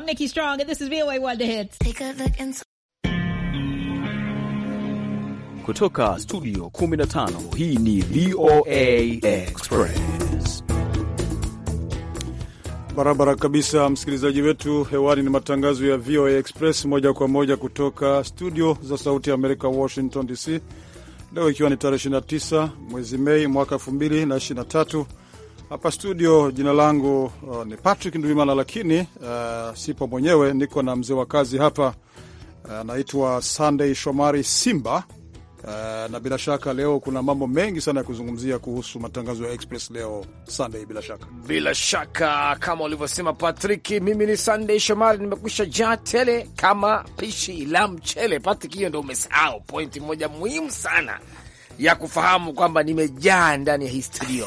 I'm Nikki Strong and this is VOA One Hits. Take a look and... Kutoka studio 15 hii ni VOA Express. Barabara kabisa, msikilizaji wetu hewani, ni matangazo ya VOA Express moja kwa moja kutoka studio za sauti ya america Washington DC. Leo ikiwa ni tarehe 29 mwezi Mei mwaka 2023 hapa studio. Jina langu uh, ni Patrick Ndwimana, lakini uh, sipo mwenyewe, niko na mzee wa kazi hapa uh, anaitwa uh, Sunday Shomari Simba. Uh, na bila shaka leo kuna mambo mengi sana ya kuzungumzia kuhusu matangazo ya Express leo Sunday. Bila shaka bila shaka, kama ulivyosema Patrick, mimi ni Sunday Shomari, nimekwisha jaa tele kama pishi la mchele. Patrick, hiyo ndo umesahau pointi moja muhimu sana ya kufahamu kwamba nimejaa ndani ya hii studio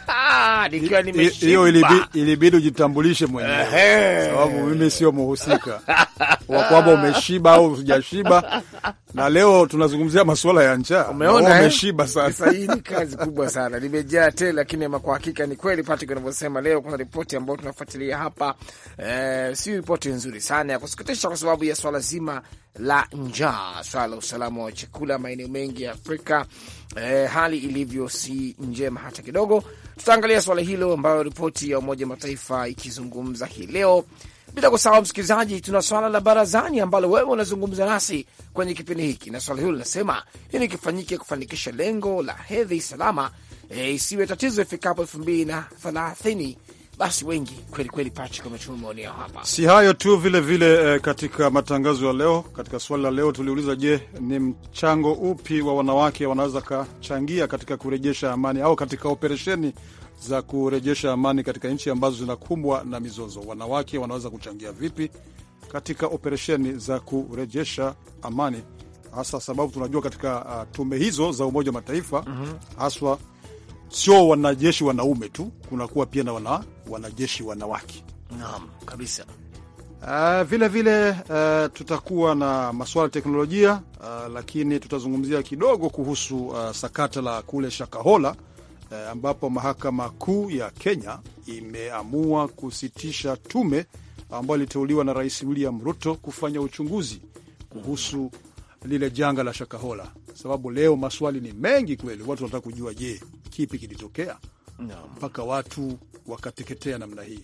nikiwa nimeshiba. Hiyo ilibidi, ujitambulishe mwenyewe sababu mimi sio muhusika wa kwamba umeshiba au hujashiba, na leo tunazungumzia masuala ya njaa. Umeona, eh? umeshiba sasa. Hii ni kazi kubwa sana, nimejaa tele, lakini kwa hakika ni kweli Patrick anavyosema. Leo kuna ripoti ambayo tunafuatilia hapa eh, si ripoti nzuri sana ya kusikitisha, kwa sababu ya swala zima la njaa, swala la usalama wa chakula maeneo mengi ya Afrika, eh, hali ilivyo si njema hata kidogo tutaangalia swala hilo ambayo ripoti ya Umoja Mataifa ikizungumza hii leo. Bila kusahau, msikilizaji, tuna swala la barazani ambalo wewe unazungumza nasi kwenye kipindi hiki, na swala hilo linasema ili kifanyike kufanikisha lengo la hedhi salama e, isiwe tatizo ifikapo elfu mbili na thelathini basi wengi kweli kweli, Patrick, wametuma maoni yao hapa. Si hayo tu, vile vile, eh, katika matangazo ya leo, katika swali la leo tuliuliza, je, ni mchango upi wa wanawake wanaweza kachangia katika kurejesha amani au katika operesheni za kurejesha amani katika nchi ambazo zinakumbwa na mizozo? Wanawake wanaweza kuchangia vipi katika operesheni za kurejesha amani, hasa sababu tunajua katika uh, tume hizo za Umoja wa Mataifa mm -hmm. haswa sio wanajeshi wanaume tu, kunakuwa pia na wana, wanajeshi wanawake. Naam kabisa. Uh, vile vile uh, tutakuwa na masuala ya teknolojia uh, lakini tutazungumzia kidogo kuhusu uh, sakata la kule Shakahola uh, ambapo mahakama kuu ya Kenya imeamua kusitisha tume ambayo iliteuliwa na Rais William Ruto kufanya uchunguzi kuhusu lile janga la Shakahola, sababu leo maswali ni mengi kweli. Watu wanataka kujua, je, kipi kilitokea mpaka watu wakateketea namna hii?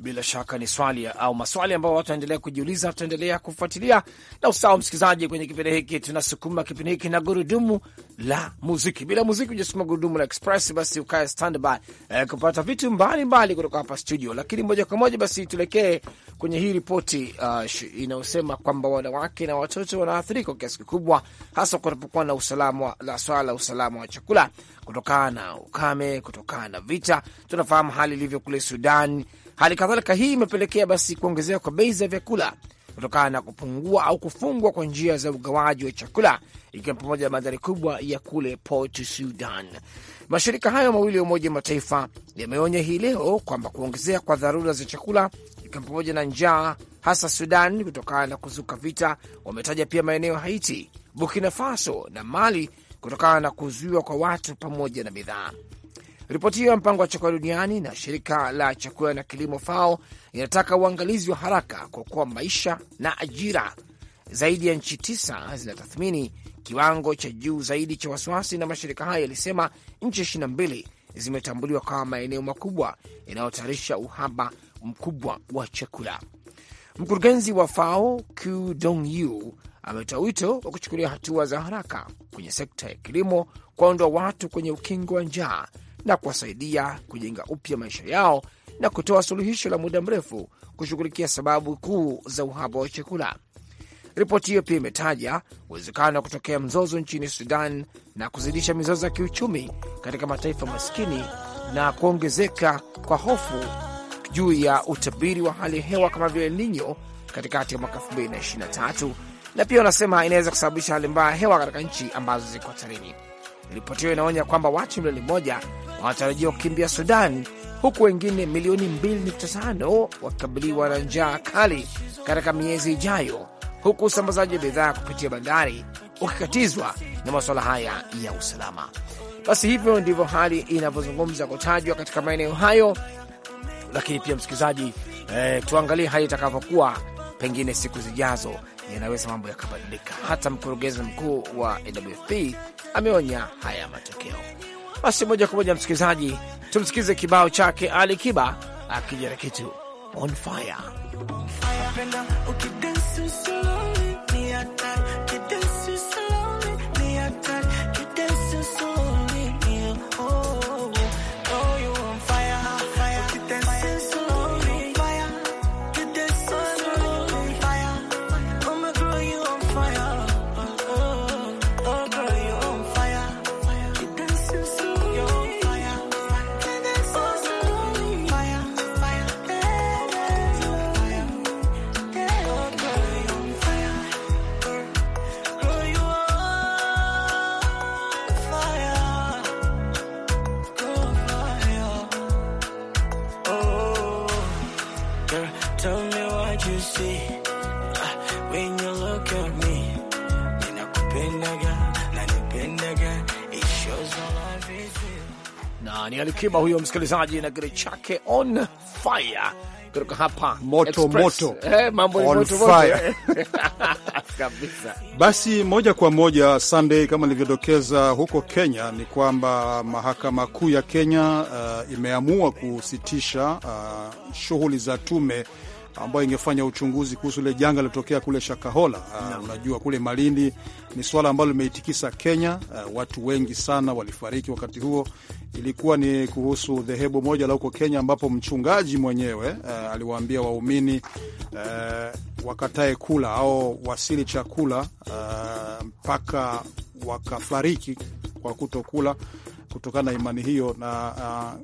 Bila shaka ni swali au maswali ambayo watu wanaendelea kujiuliza, tutaendelea kufuatilia na usawa. msikilizaji, kwenye kipindi hiki tunasukuma kipindi hiki na gurudumu la muziki. Bila muziki hujasukuma gurudumu la Express, basi ukae standby eh, kupata vitu mbalimbali kutoka hapa studio. Lakini moja kwa moja basi tuelekee kwenye hii ripoti uh, inayosema kwamba wanawake na watoto wanaathirika kwa kiasi kikubwa, hasa kunapokuwa na usalama la swala la usalama wa chakula kutokana na ukame, kutokana na vita. Tunafahamu hali ilivyo kule Sudan Hali kadhalika hii imepelekea basi kuongezeka kwa bei za vyakula kutokana na kupungua au kufungwa kwa njia za ugawaji wa chakula, ikiwa pamoja na mandhari kubwa ya kule Port Sudan. Mashirika hayo mawili ya Umoja Mataifa yameonya hii leo kwamba kuongezeka kwa dharura za chakula, ikiwa pamoja na njaa, hasa Sudan kutokana na kuzuka vita. Wametaja pia maeneo ya Haiti, Burkina Faso na Mali kutokana na kuzuiwa kwa watu pamoja na bidhaa. Ripoti hiyo ya mpango wa chakula duniani na shirika la chakula na kilimo FAO inataka uangalizi wa haraka kwa kuwa maisha na ajira. Zaidi ya nchi tisa zinatathmini kiwango cha juu zaidi cha wasiwasi, na mashirika hayo yalisema nchi 22 zimetambuliwa kama maeneo makubwa yanayotayarisha uhaba mkubwa wa chakula. Mkurugenzi wa FAO Q Dong Yu ametoa wito wa kuchukulia hatua za haraka kwenye sekta ya kilimo, kuwaondoa watu kwenye ukingo wa njaa na kuwasaidia kujenga upya maisha yao na kutoa suluhisho la muda mrefu kushughulikia sababu kuu za uhaba wa chakula. Ripoti hiyo pia imetaja uwezekano wa kutokea mzozo nchini Sudan na kuzidisha mizozo ya kiuchumi katika mataifa maskini na kuongezeka kwa hofu juu ya utabiri wa hali ya hewa kama vile ninyo katikati ya mwaka 2023 na pia wanasema inaweza kusababisha hali mbaya ya hewa katika nchi ambazo ziko hatarini. Ripoti hiyo inaonya kwamba watu milioni moja wanatarajiwa kukimbia Sudan, huku wengine milioni 2.5 wakikabiliwa na njaa kali katika miezi ijayo, huku usambazaji wa bidhaa kupitia bandari ukikatizwa na masuala haya ya usalama. Basi hivyo ndivyo hali inavyozungumza kutajwa katika maeneo hayo, lakini pia msikilizaji, eh, tuangalie hali itakavyokuwa pengine siku zijazo yanaweza mambo yakabadilika. Hata mkurugenzi mkuu wa WFP ameonya haya matokeo. Basi moja kwa moja, msikilizaji, tumsikize kibao chake Ali Kiba akijarikitu on fire. Kiba huyo msikilizaji na kile chake on fire kutoka hapa moto Moto eh, mambo on moto, fire moto. Basi moja kwa moja Sunday, kama nilivyodokeza huko Kenya ni kwamba mahakama kuu ya Kenya uh, imeamua kusitisha uh, shughuli za tume ambayo ingefanya uchunguzi kuhusu ile janga lilotokea kule Shakahola. Uh, unajua kule Malindi ni swala ambalo limeitikisa Kenya. Uh, watu wengi sana walifariki wakati huo. Ilikuwa ni kuhusu dhehebu moja la huko Kenya ambapo mchungaji mwenyewe uh, aliwaambia waumini uh, wakatae kula au wasili chakula mpaka uh, wakafariki kwa kutokula kutokana na imani hiyo, na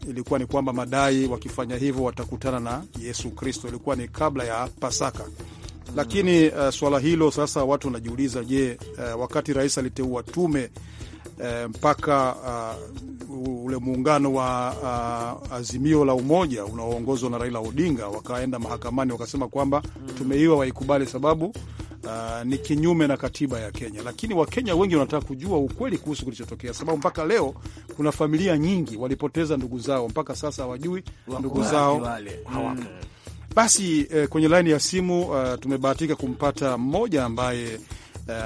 uh, ilikuwa ni kwamba madai wakifanya hivyo watakutana na Yesu Kristo. Ilikuwa ni kabla ya Pasaka lakini uh, swala hilo sasa watu wanajiuliza, je, uh, wakati rais aliteua tume Eh, mpaka uh, ule muungano wa uh, Azimio la Umoja unaoongozwa na Raila Odinga wakaenda mahakamani wakasema kwamba tume hiyo waikubali sababu Uh, ni kinyume na katiba ya Kenya, lakini Wakenya wengi wanataka kujua ukweli kuhusu kilichotokea, sababu mpaka leo kuna familia nyingi walipoteza ndugu zao, mpaka sasa hawajui ndugu zao mm. hawapo. hmm. Basi eh, kwenye laini ya simu uh, tumebahatika kumpata mmoja ambaye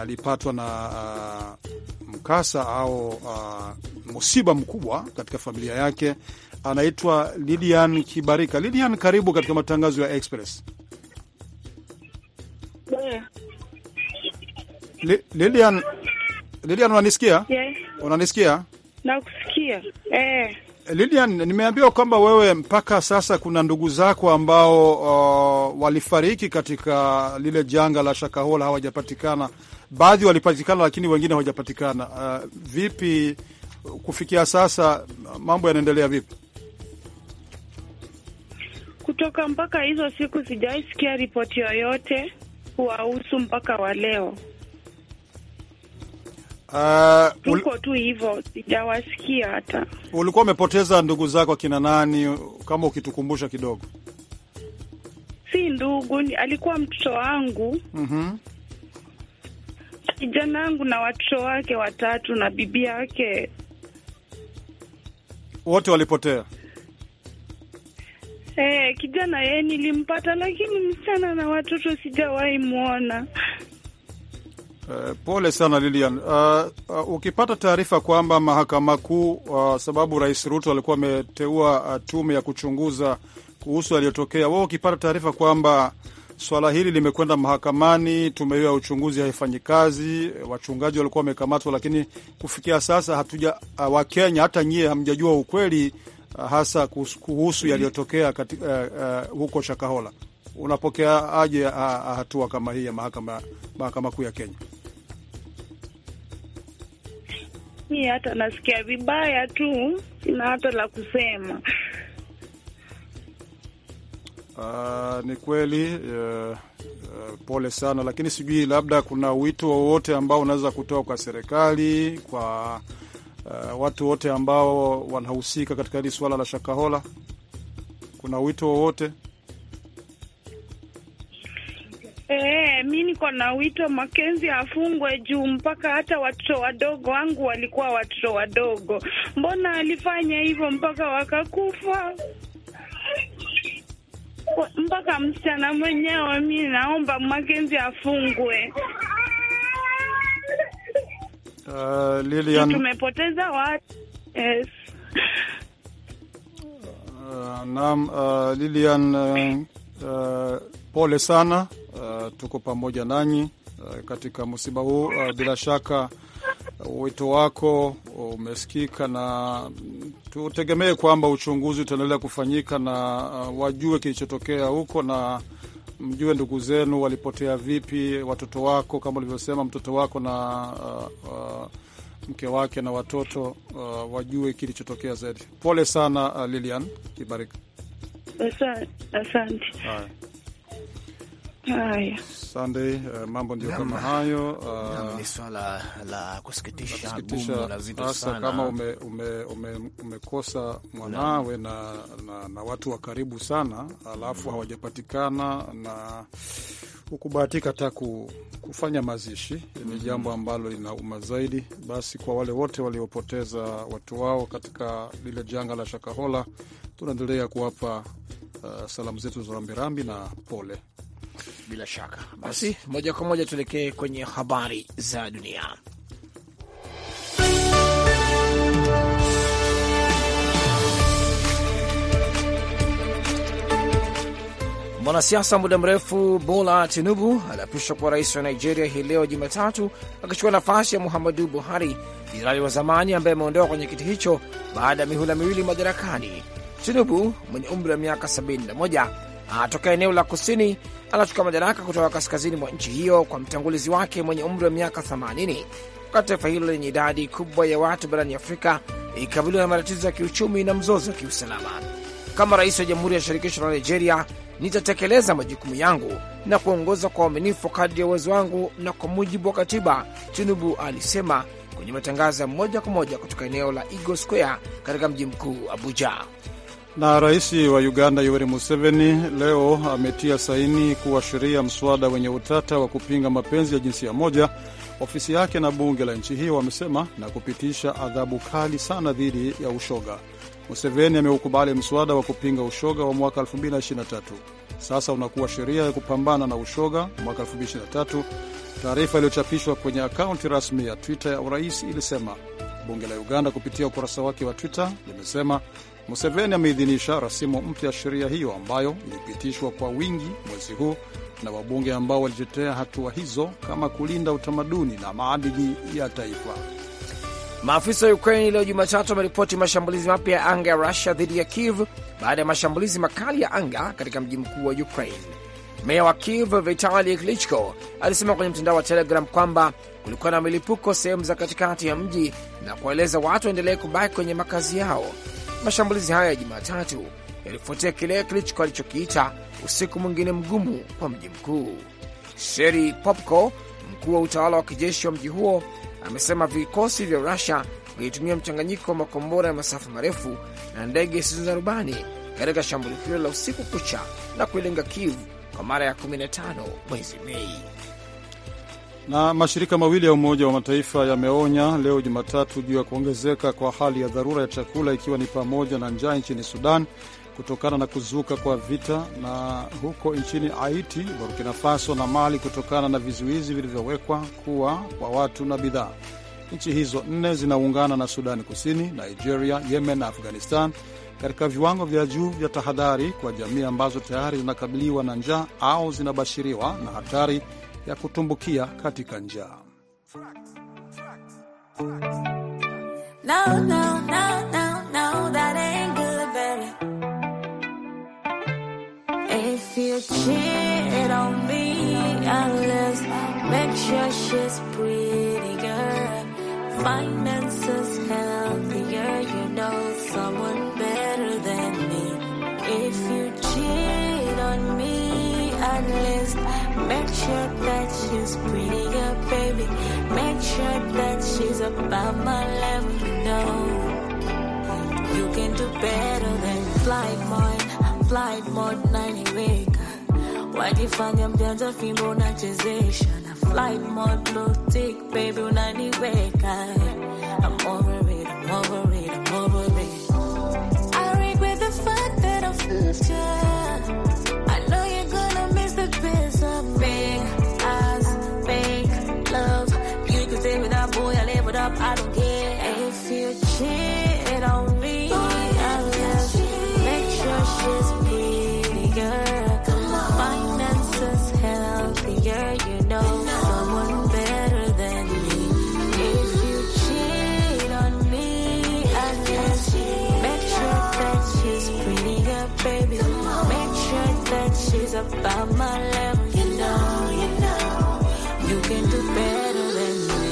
alipatwa uh, na uh, mkasa au uh, musiba mkubwa katika familia yake. Anaitwa Lidian Kibarika. Lidian, karibu katika matangazo ya Express. Lilian, Lilian unanisikia? Yeah. Unanisikia? Nakusikia. Eh. Lilian, nimeambiwa kwamba wewe mpaka sasa kuna ndugu zako ambao uh, walifariki katika lile janga la Shakahola hawajapatikana baadhi walipatikana, lakini wengine hawajapatikana. Uh, vipi kufikia sasa mambo yanaendelea vipi? Kutoka mpaka hizo siku sijaisikia ripoti yoyote kuwahusu mpaka wa leo. Uh, tuko tu hivyo, sijawasikia hata. Ulikuwa umepoteza ndugu zako akina nani, kama ukitukumbusha kidogo? Si ndugu, alikuwa mtoto wangu. mm -hmm kijana wangu na watoto wake watatu na bibi yake, wote walipotea. Hey, eh, kijana yeye eh, nilimpata, lakini msichana na watoto sijawahi mwona. Uh, eh, pole sana Lilian. Uh, uh, ukipata taarifa kwamba mahakama kuu uh, sababu Rais Ruto alikuwa ameteua uh, tume ya kuchunguza kuhusu aliyotokea, wewe ukipata taarifa kwamba swala hili limekwenda mahakamani, tume hiyo ya uchunguzi haifanyi kazi, wachungaji walikuwa wamekamatwa, lakini kufikia sasa hatuja uh, Wakenya hata nyie hamjajua ukweli uh, hasa kuhusu mm yaliyotokea uh, uh, huko Shakahola. Unapokea aje uh, uh, hatua kama hii ya mahakama, mahakama kuu ya Kenya? Mi hata nasikia vibaya tu, sina hata la kusema Uh, ni kweli uh, uh, pole sana, lakini sijui labda kuna wito wowote ambao unaweza kutoa kwa serikali kwa uh, watu wote ambao wanahusika katika hili suala la Shakahola, kuna wito wowote? E, mi niko na wito Makenzi afungwe juu mpaka hata watoto wadogo wangu walikuwa watoto wadogo, mbona alifanya hivyo mpaka wakakufa? mpaka msichana mwenyewe. Mi naomba Makenzi afungwe. Uh, Lilian, tumepoteza watu yes. Uh, naam, uh, Lilian uh, uh, pole sana uh, tuko pamoja nanyi uh, katika msiba huu uh, bila shaka uh, wito wako umesikika na tutegemee kwamba uchunguzi utaendelea kufanyika na uh, wajue kilichotokea huko na mjue ndugu zenu walipotea vipi, watoto wako kama ulivyosema, mtoto wako na uh, uh, mke wake na watoto uh, wajue kilichotokea zaidi. Pole sana uh, Lilian Kibarika. Asante. Sande, uh, mambo ndio kama hayo. Uh, ni swala la kusikitisha, gumu kama umekosa ume, ume, mwanawe na, na, na watu wa karibu sana alafu mm-hmm. hawajapatikana na ukubahatika hata kufanya mazishi ni mm -hmm. jambo ambalo linauma zaidi. Basi kwa wale wote waliopoteza watu wao katika lile janga la Shakahola, tunaendelea kuwapa uh, salamu zetu za rambirambi na pole. Bila shaka basi, moja kwa moja tuelekee kwenye habari za dunia. Mwanasiasa muda mrefu Bola Tinubu aliapishwa kuwa rais wa Nigeria hii leo Jumatatu, akichukua nafasi ya Muhammadu Buhari, jenerali wa zamani ambaye ameondoka kwenye kiti hicho baada ya mihula miwili madarakani. Tinubu mwenye umri wa miaka 71 atoka eneo la kusini anachukua madaraka kutoka kaskazini mwa nchi hiyo kwa mtangulizi wake mwenye umri wa miaka 80, wakati taifa hilo lenye idadi kubwa ya watu barani Afrika ikikabiliwa na matatizo ya kiuchumi na mzozo wa kiusalama. Kama rais wa Jamhuri ya Shirikisho la Nigeria, nitatekeleza majukumu yangu na kuongoza kwa uaminifu kadri ya uwezo wangu na kwa mujibu wa katiba, Tinubu alisema kwenye matangazo ya moja kwa moja kutoka eneo la Eagle Square katika mji mkuu Abuja. Na rais wa Uganda Yoweri Museveni leo ametia saini kuwa sheria mswada wenye utata wa kupinga mapenzi ya jinsia moja, ofisi yake na bunge la nchi hiyo wamesema, na kupitisha adhabu kali sana dhidi ya ushoga. Museveni ameukubali mswada wa kupinga ushoga wa mwaka 2023 sasa unakuwa sheria ya kupambana na ushoga mwaka 2023. Taarifa iliyochapishwa kwenye akaunti rasmi ya Twitter ya urais ilisema bunge la Uganda kupitia ukurasa wake wa Twitter limesema Museveni ameidhinisha rasimu mpya ya sheria hiyo ambayo ilipitishwa kwa wingi mwezi huu na wabunge ambao walitetea hatua hizo kama kulinda utamaduni na maadili ya taifa. Maafisa wa Ukraini leo Jumatatu wameripoti mashambulizi mapya ya anga ya Rusia dhidi ya Kiev baada ya mashambulizi makali ya anga katika mji mkuu wa Ukraine. Meya wa Kiev Vitali Klitschko alisema kwenye mtandao wa Telegram kwamba kulikuwa na milipuko sehemu za katikati ya mji na kuwaeleza watu waendelee kubaki kwenye makazi yao Mashambulizi haya ya Jumatatu yalifuatia kile kilichokuwa alichokiita usiku mwingine mgumu kwa mji mkuu. Sheri Popko, mkuu wa utawala wa kijeshi wa mji huo, amesema vikosi vya Rusia vilitumia mchanganyiko wa makombora ya masafa marefu na ndege zisizo za rubani katika shambulio hilo la usiku kucha na kuilenga Kiev kwa mara ya 15 mwezi Mei. Na mashirika mawili ya Umoja wa Mataifa yameonya leo Jumatatu juu ya kuongezeka kwa hali ya dharura ya chakula ikiwa ni pamoja na njaa nchini Sudan kutokana na kuzuka kwa vita na huko nchini Haiti, Burkina Faso na Mali kutokana na vizuizi vilivyowekwa kuwa kwa watu na bidhaa. Nchi hizo nne zinaungana na Sudani Kusini, Nigeria, Yemen na Afghanistan katika viwango vya juu vya tahadhari kwa jamii ambazo tayari zinakabiliwa na njaa au zinabashiriwa na hatari ya kutumbukia katika njaa. No, no, no, no, Make sure that she's prettier, baby. Make sure that she's about my level, you know. You can do better than fly mode, fly mode 90 week. Wajifanya mjanja fimbo unachezesha na fly mode blue tick, baby unaniweka. I'm over it, I'm over it, I'm over it. I regret the fact that I flipped you. always about my level. You know, you know, you can do better than me.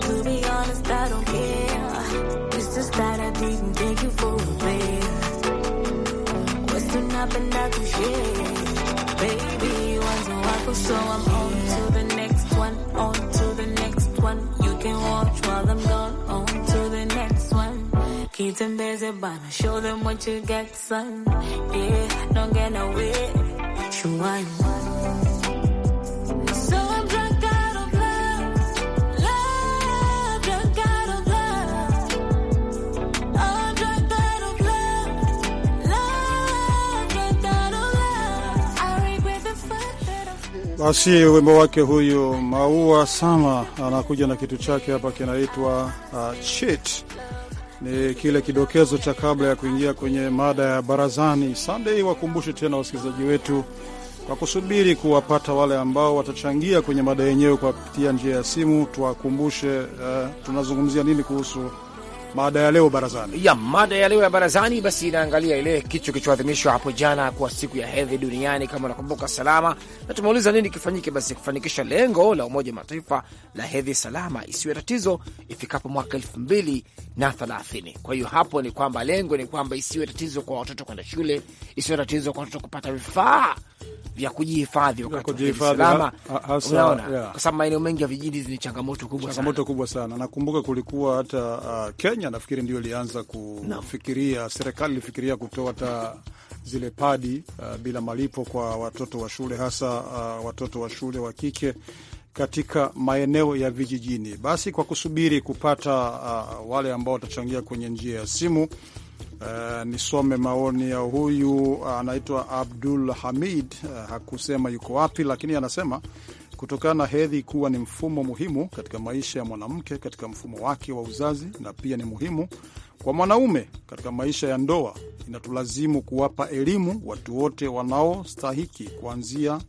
To be honest, I don't care. It's just that I didn't take you for a bit. Question up and not to share. Baby, once a while, so I'm on to the next one, on to the next one. You can watch while I'm gone. Jitembeze bana, show them what you got, son. Yeah, don't get away. Shuwai. Oh, Basi wimbo wake huyu Maua Sama anakuja na kitu chake hapa kinaitwa uh, cheat ni kile kidokezo cha kabla ya kuingia kwenye mada ya barazani. Sunday, wakumbushe tena wasikilizaji wetu kwa kusubiri kuwapata wale ambao watachangia kwenye mada yenyewe kwa kupitia njia ya simu. Tuwakumbushe uh, tunazungumzia nini kuhusu Mada ya leo barazani. Ya, mada ya leo ya barazani basi inaangalia ile kichwa kilichoadhimishwa hapo jana kwa siku ya hedhi duniani, kama unakumbuka salama, na tumeuliza nini kifanyike basi kufanikisha lengo la Umoja Mataifa la hedhi salama isiwe tatizo ifikapo mwaka elfu mbili na thelathini. Kwa hiyo hapo ni kwamba lengo ni kwamba isiwe tatizo kwa watoto kwenda shule, isiwe tatizo kwa watoto kupata vifaa vya kujihifadhi salama, unaona Kwa sababu maeneo mengi ya vijiji ni changamoto kubwa, changamoto sana kubwa sana. Nakumbuka kulikuwa hata uh, Kenya nafikiri ndio ilianza kufikiria no. Serikali ilifikiria kutoa hata zile padi uh, bila malipo kwa watoto wa shule hasa uh, watoto wa shule wa kike katika maeneo ya vijijini. Basi kwa kusubiri kupata uh, wale ambao watachangia kwenye njia ya simu Uh, nisome maoni ya huyu eh, anaitwa uh, Abdul Hamid. Uh, hakusema yuko wapi, lakini anasema kutokana na hedhi kuwa ni mfumo muhimu katika maisha ya mwanamke katika mfumo wake wa uzazi, na pia ni muhimu kwa mwanaume katika maisha ya ndoa, inatulazimu kuwapa elimu watu wote wanaostahiki kuanzia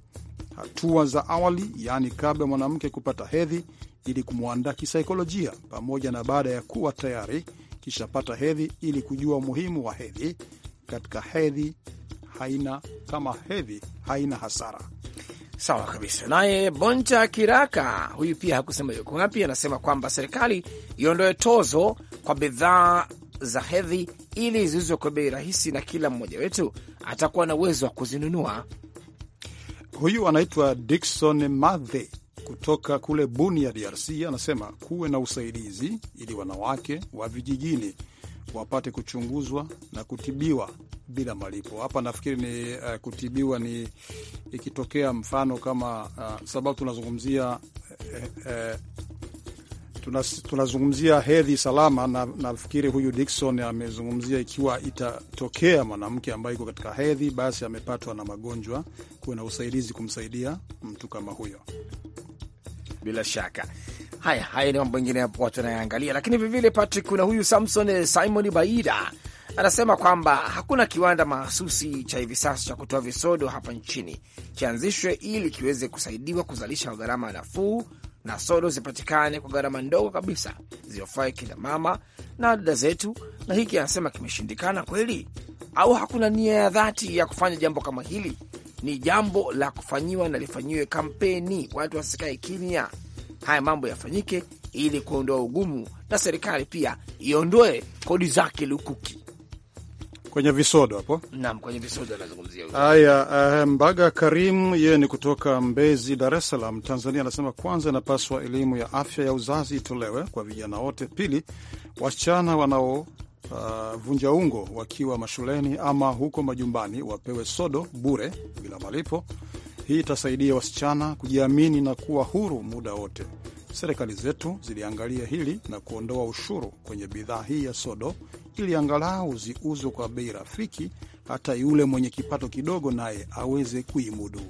hatua za awali, yaani kabla mwanamke kupata hedhi, ili kumwandaa kisaikolojia, pamoja na baada ya kuwa tayari kisha pata hedhi ili kujua umuhimu wa hedhi katika hedhi haina kama hedhi haina hasara. Sawa kabisa. Naye Bonta Kiraka huyu pia hakusema yuko wapi, anasema kwamba serikali iondoe tozo kwa bidhaa za hedhi ili ziuzwe kwa bei rahisi na kila mmoja wetu atakuwa na uwezo wa kuzinunua. Huyu anaitwa Dikson Mathe kutoka kule Bunia, DRC, anasema kuwe na usaidizi ili wanawake wa vijijini wapate kuchunguzwa na kutibiwa bila malipo. Hapa nafikiri ni uh, kutibiwa ni ikitokea mfano kama uh, sababu tunazungumzia eh, eh, tunazungumzia hedhi salama, na nafikiri huyu dikson amezungumzia ikiwa itatokea mwanamke ambaye iko katika hedhi, basi amepatwa na magonjwa, kuwe na usaidizi kumsaidia mtu kama huyo bila shaka. Haya haya ni mambo mengine watu wanayoangalia, lakini vivile Patrick, kuna huyu Samson eh, Simon Baida anasema kwamba hakuna kiwanda mahsusi cha hivi sasa cha kutoa visodo hapa nchini, kianzishwe ili kiweze kusaidiwa kuzalisha kwa gharama nafuu na sodo zipatikane kwa gharama ndogo kabisa ziofae kina mama na dada zetu. Na hiki anasema kimeshindikana kweli, au hakuna nia ya dhati ya kufanya jambo kama hili ni jambo la kufanyiwa na lifanyiwe kampeni, watu wasikae kimya. Haya mambo yafanyike ili kuondoa ugumu, na serikali pia iondoe kodi zake lukuki kwenye visodo hapo. Naam, kwenye visodo anazungumzia haya. Uh, Mbaga Karim yeye ni kutoka Mbezi, Dar es Salaam, Tanzania, anasema kwanza, inapaswa elimu ya afya ya uzazi itolewe kwa vijana wote. Pili, wasichana wanao uh, vunja ungo wakiwa mashuleni ama huko majumbani, wapewe sodo bure bila malipo. Hii itasaidia wasichana kujiamini na kuwa huru muda wote. Serikali zetu ziliangalia hili na kuondoa ushuru kwenye bidhaa hii ya sodo ili angalau ziuzwe kwa bei rafiki, hata yule mwenye kipato kidogo naye aweze kuimudu.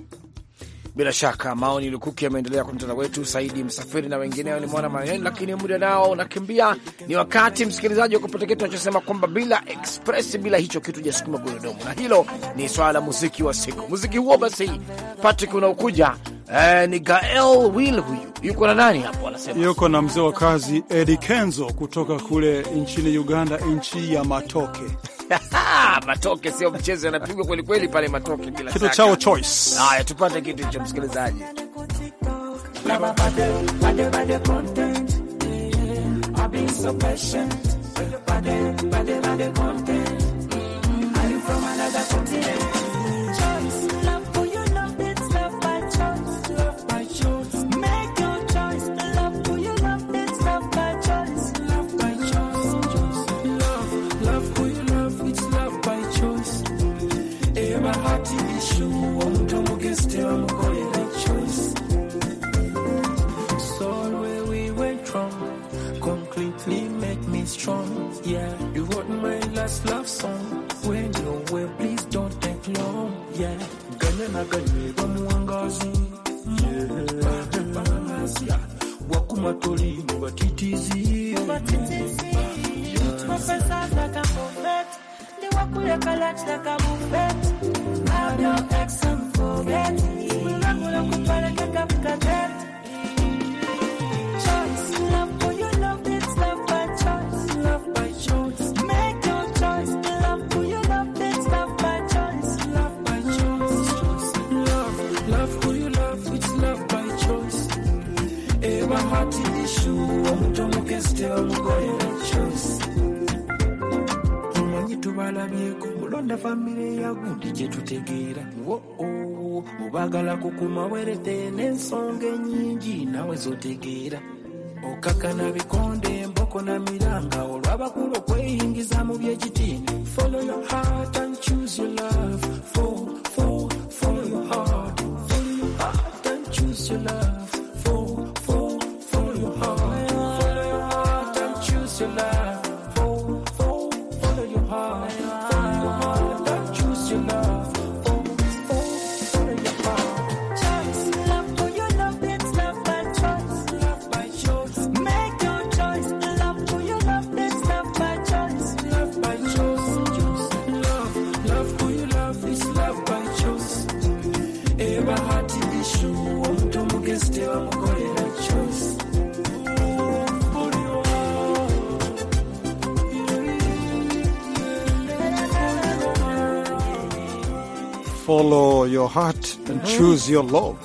Bila shaka maoni lukuki yameendelea kwenye mtandao wetu, Saidi Msafiri na wengineo ni mwana maneno, lakini muda nao unakimbia. Ni wakati msikilizaji wa kupata kitu anachosema kwamba bila express, bila hicho kitu jasukuma gurudumu, na hilo ni swala la muziki wa siku. Muziki huo basi, Patrick, unaokuja eh, ni Gael Will. Huyu yuko na nani hapo? Anasema yuko na mzee wa kazi Eddie Kenzo kutoka kule nchini Uganda, nchi ya matoke matoke sio mchezo, yanapigwa kweli kweli pale matoke, bila kitu chao choice. Haya, tupate kitu cha msikilizaji yeah. You wrote my last love song. When you're please don't take long, yeah. Gana na gani kwa muangazi, yeah. Wakuma toli mubatitizi, mubatitizi. Professors like a prophet, they walk with a college like a movement. I'm your ex and forget. Mungu nakupala kaka mkatet. njagala kukumawerete n'ensonga ennyingi naawe zotegeera okakana bikonde emboko na miranga olw'abakulu Follow your heart and mm -hmm. choose your love.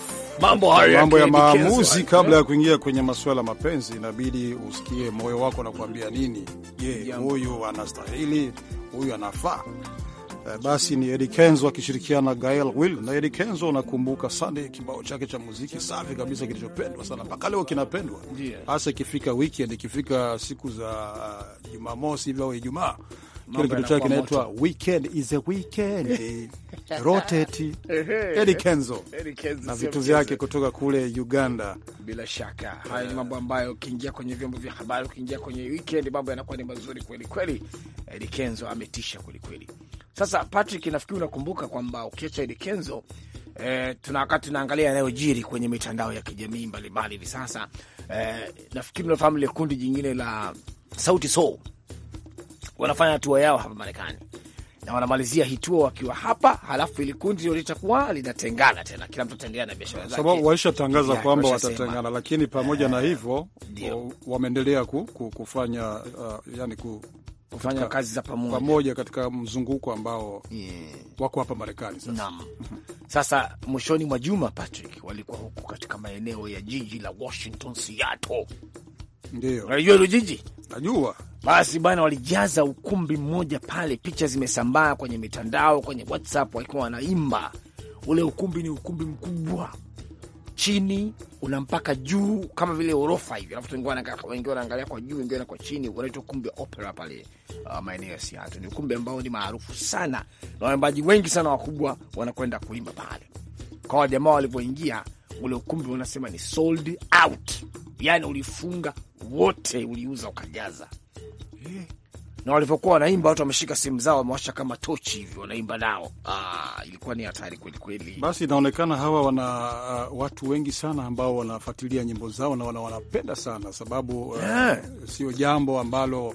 Mambo haya mambo ya maamuzi kabla ya kuingia kwenye masuala mapenzi, inabidi usikie moyo wako nakuambia nini. Je, huyu anastahili? Huyu anafaa? Eh, basi ni Eddie Kenzo akishirikiana na Gael Will. Na Eddie Kenzo, unakumbuka Sunday, kibao chake cha muziki safi kabisa kilichopendwa sana mpaka leo kinapendwa, hasa ikifika weekend, ikifika siku za ah, Jumamosi hivi au Ijumaa kile kitu chake kinaitwa weekend is a weekend rotate Eddie Kenzo na vitu vyake kutoka kule Uganda. Bila shaka haya ni mambo ambayo ukiingia kwenye vyombo vya habari, ukiingia kwenye weekend, mambo yanakuwa ni mazuri kweli kweli. Eddie Kenzo ametisha kweli kweli. Sasa Patrick, nafikiri unakumbuka kwamba ukiacha Eddie Kenzo E, tuna wakati tunaangalia yanayojiri kwenye mitandao ya kijamii mbalimbali hivi sasa. E, nafikiri unafahamu lile kundi jingine la Sauti Sol wanafanya hatua yao hapa Marekani na wanamalizia hituo wakiwa hapa, halafu ili kundi ndio litakuwa linatengana tena, kila mtu ataendelea na biashara zake, sababu waishatangaza kwamba watatengana. Lakini pamoja uh, na eh, hivyo wameendelea ku, ku, kufanya uh, yani ku, kufanya kazi za pamoja pamoja katika mzunguko ambao yeah, wako hapa Marekani sasa. Naam. Sasa mwishoni mwa juma Patrick walikuwa huku katika maeneo ya jiji la Washington Seattle ndio unajua hilo jiji najua. Basi bwana, walijaza ukumbi mmoja pale, picha zimesambaa kwenye mitandao, kwenye WhatsApp wakiwa wanaimba. Ule ukumbi ni ukumbi mkubwa, chini una mpaka juu kama vile orofa hivi, alafu wengi wanaangalia kwa juu, wengine kwa chini. Unaitwa ukumbi opera pale uh, maeneo ya Seattle. Ni ukumbi ambao ni maarufu sana na waimbaji wengi sana wakubwa wanakwenda kuimba pale. Kwa jamaa walivyoingia ule ukumbi, unasema ni sold out, yani ulifunga wote uliuza ukajaza eh. Na walivyokuwa wanaimba watu wameshika simu zao wamewasha kama tochi hivyo wanaimba nao. Ah, ilikuwa ni hatari kweli kweli. Basi inaonekana hawa wana uh, watu wengi sana ambao wanafuatilia nyimbo zao na wana wanapenda sana sababu uh, yeah. Sio jambo ambalo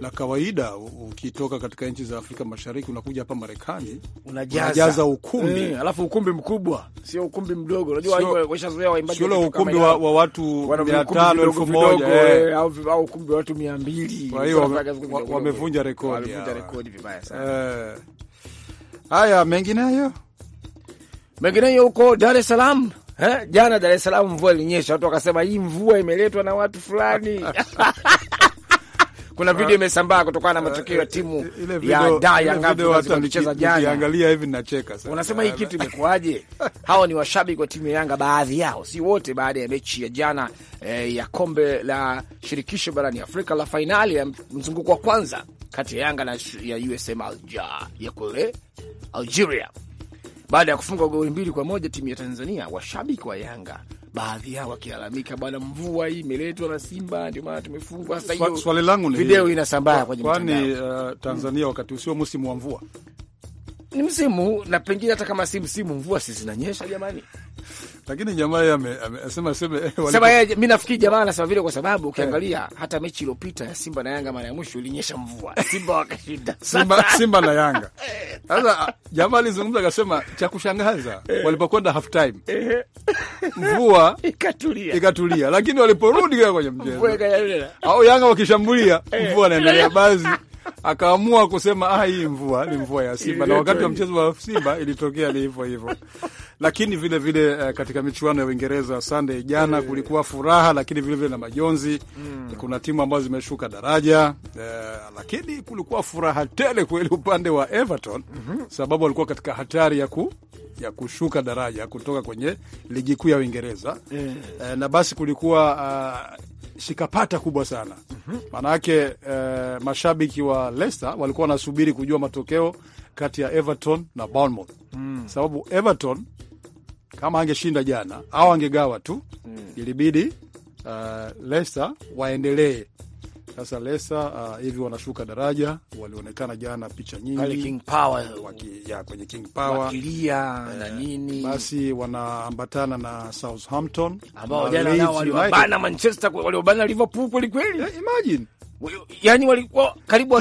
la kawaida ukitoka katika nchi za Afrika Mashariki unakuja hapa Marekani unajaza, unajaza ukumbi mm, alafu ukumbi mkubwa, sio ukumbi mdogo. Unajua washazoea waimbaji sio ukumbi wa, wa watu mia tano elfu moja eh. Eh, au ukumbi wa watu mia mbili Kwa hiyo wamevunja rekodi, wamevunja rekodi vibaya sana. Haya, mengineyo mengineyo huko Dar es Salaam. Jana Dar es Salaam mvua ilinyesha, watu wakasema hii mvua imeletwa na watu fulani kuna video ah. imesambaa kutokana na ah, matokeo ya eh, timu eh, ya da ya jana. Angalia hivi nacheka sana, unasema hii kitu imekuaje? Hawa ni washabiki wa timu ya Yanga, baadhi yao, si wote, baada ya mechi ya jana eh, ya kombe la shirikisho barani Afrika la fainali ya mzunguko wa kwanza kati ya Yanga na ya USM Alger ya kule Algeria, baada ya kufunga goli mbili kwa moja timu ya Tanzania, washabiki wa Yanga baadhi yao wakilalamika, bwana, mvua hii imeletwa na Simba ndio maana tumefungwa. Sasa hiyo swali langu ni video inasambaa kwenye mtandao, kwani eh, Tanzania wakati usio msimu wa mvua ni msimu na pengine hata kama si msimu, mvua si zinanyesha jamani. Lakini jamaa yeye amesema eh, sema sema yeye, mimi nafikiri jamaa anasema vile kwa sababu ukiangalia yeah, hata mechi iliyopita ya Simba na Yanga mara ya mwisho ilinyesha mvua, Simba wakashinda Simba, Simba na Yanga. Eh. Sasa jamaa alizungumza akasema cha kushangaza eh. walipokwenda half time mvua ikatulia, ikatulia, lakini waliporudi kwenye mchezo au Yanga wakishambulia mvua naendelea basi akaamua kusema ah, hii mvua ni mvua ya Simba na wakati wa mchezo wa Simba ilitokea ni hivyo hivyo. Lakini vile vile uh, katika michuano ya Uingereza Sunday jana eh. kulikuwa furaha, lakini vile vile na majonzi mm. Kuna timu ambazo zimeshuka daraja uh, lakini kulikuwa furaha tele kweli upande wa Everton mm -hmm. sababu walikuwa katika hatari ya ku ya kushuka daraja kutoka kwenye ligi kuu ya Uingereza mm. uh, na basi kulikuwa uh, shikapata kubwa sana maanake mhm. eh, mashabiki wa Leicester walikuwa wanasubiri kujua matokeo kati ya Everton na Bournemouth mm. sababu Everton kama angeshinda jana au angegawa tu mm. ilibidi uh, Leicester waendelee sasa Lesa uh, hivi wanashuka daraja, walionekana jana picha nyingi King Power, waki, ya, kwenye King Power wakilia eh, na nini basi wanaambatana na Southampton ambao jana nao waliobana Manchester, waliobana Liverpool kweli kweli, yeah, imagine Yani walikuwa karibu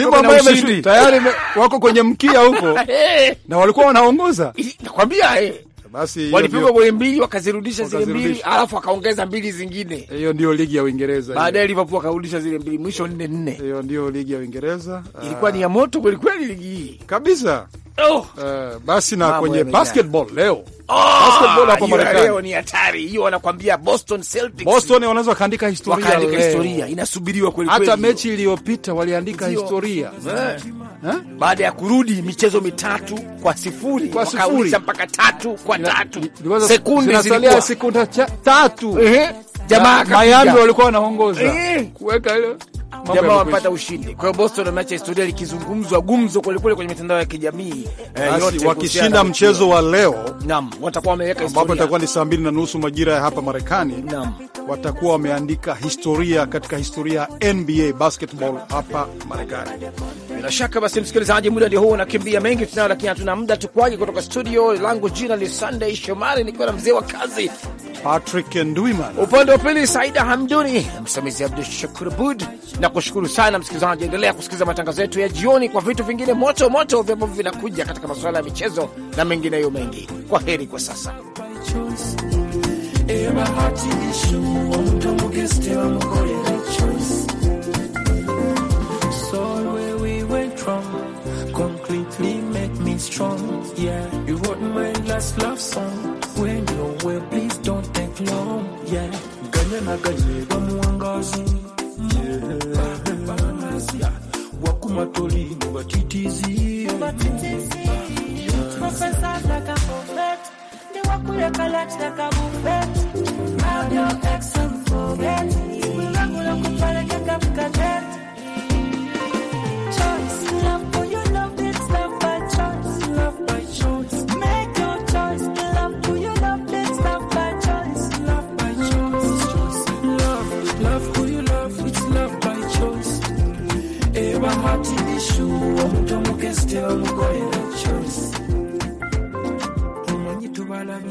tayari wako kwenye mkia huko eh. na walikuwa wanaongoza, nakwambia eh. Basi walipigwa goli mbili wakazirudisha zile mbili, alafu akaongeza mbili zingine. Hiyo ndio ligi ya Uingereza. Baadaye Liverpool akarudisha zile mbili, mwisho nne nne. Hiyo ndio ligi ya Uingereza. Ilikuwa ni ya ah. moto kweli kweli ligi hii kabisa. Oh. Uh, basi na Mamo kwenye basketball leo Oh, basketball hapa Marekani. leo ni hatari hiyo, wanakwambia Boston Celtics, Boston wanaweza kaandika historia, wakaandika historia, inasubiriwa kweli kweli. Hata mechi iliyopita waliandika historia. Eh ha? Baada ya kurudi michezo mitatu kwa sifuri, kwa sifuri mpaka tatu kwa tatu, sekunde zilikuwa sekunde tatu, eh jamaa Miami walikuwa wanaongoza kuweka ile jamaa wamepata ushindi. Kwa hiyo Boston wameacha historia likizungumzwa gumzo kwelikweli kwenye mitandao ya kijamii eh, yote. Wakishinda mchezo wa leo, naam, watakuwa wameweka historia ambapo itakuwa ni saa mbili na nusu majira ya hapa Marekani. Naam, watakuwa wameandika historia katika historia ya NBA basketball hapa Marekani. Bila shaka basi, msikilizaji, muda ndio huo unakimbia, mengi tunayo, lakini hatuna muda. Tukwage kutoka studio langu, jina ni Sunday Shomari, nikiwa na mzee wa kazi Patrick Ndwimana, upande wa pili Saida Hamduni, msimamizi Abdu Shakur Bud. Na kushukuru sana msikilizaji, endelea kusikiliza matangazo yetu ya jioni kwa vitu vingine moto moto vyambavyo vinakuja katika masuala ya michezo na mengineyo mengi. Kwa heri kwa sasa.